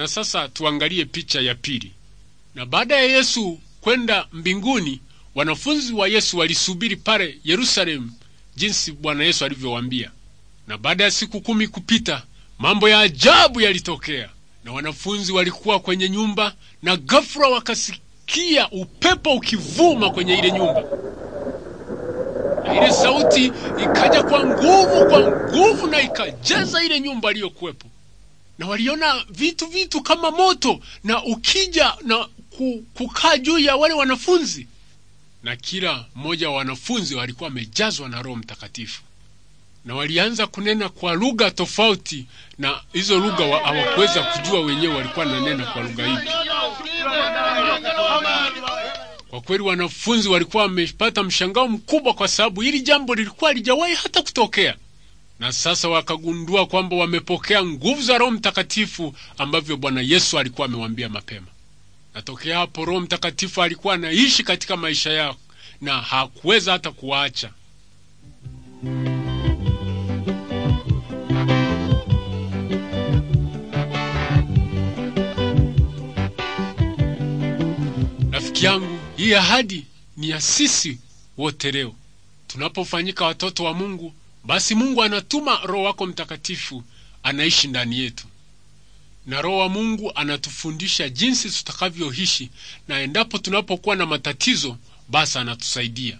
Na sasa tuangalie picha ya pili. Na baada ya Yesu kwenda mbinguni, wanafunzi wa Yesu walisubiri pale Yerusalemu jinsi Bwana Yesu alivyowaambia. Na baada ya siku kumi kupita, mambo ya ajabu yalitokea, na wanafunzi walikuwa kwenye nyumba, na ghafula wakasikia upepo ukivuma kwenye ile nyumba, na ile sauti ikaja kwa nguvu kwa nguvu, na ikajaza ile nyumba aliyokuwepo na waliona vitu vitu kama moto na ukija na kukaa juu ya wale wanafunzi na kila mmoja wa wanafunzi walikuwa wamejazwa na Roho Mtakatifu na walianza kunena kwa lugha tofauti, na hizo lugha hawakuweza kujua wenyewe walikuwa nanena kwa lugha ipi. Kwa kweli wanafunzi walikuwa wamepata mshangao mkubwa, kwa sababu hili jambo lilikuwa halijawahi hata kutokea na sasa wakagundua kwamba wamepokea nguvu za Roho Mtakatifu ambavyo Bwana Yesu alikuwa amewambia mapema. Na tokea hapo Roho Mtakatifu alikuwa anaishi katika maisha yao na hakuweza hata kuwaacha. Rafiki yangu, hii ahadi ni ya sisi wote leo tunapofanyika watoto wa Mungu basi Mungu anatuma Roho wako Mtakatifu anaishi ndani yetu, na Roho wa Mungu anatufundisha jinsi tutakavyoishi, na endapo tunapokuwa na matatizo, basi anatusaidia,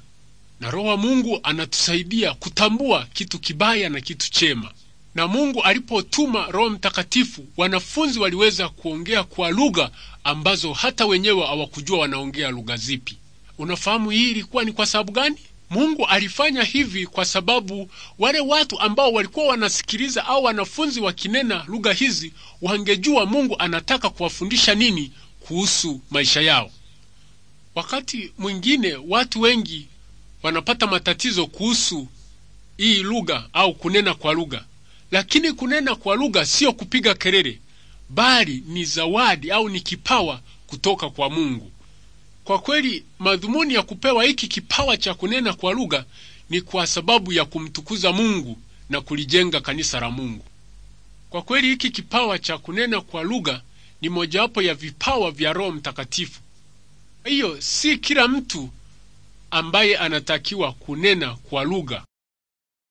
na Roho wa Mungu anatusaidia kutambua kitu kibaya na kitu chema. Na Mungu alipotuma Roho Mtakatifu, wanafunzi waliweza kuongea kwa lugha ambazo hata wenyewe hawakujua wanaongea lugha zipi. Unafahamu hii ilikuwa ni kwa sababu gani? Mungu alifanya hivi kwa sababu wale watu ambao walikuwa wanasikiliza au wanafunzi wakinena lugha hizi wangejua Mungu anataka kuwafundisha nini kuhusu maisha yao. Wakati mwingine watu wengi wanapata matatizo kuhusu hii lugha au kunena kwa lugha, lakini kunena kwa lugha sio kupiga kelele, bali ni zawadi au ni kipawa kutoka kwa Mungu. Kwa kweli madhumuni ya kupewa hiki kipawa cha kunena kwa lugha ni kwa sababu ya kumtukuza Mungu na kulijenga kanisa la Mungu. Kwa kweli hiki kipawa cha kunena kwa lugha ni mojawapo ya vipawa vya Roho Mtakatifu. Hiyo si kila mtu ambaye anatakiwa kunena kwa lugha.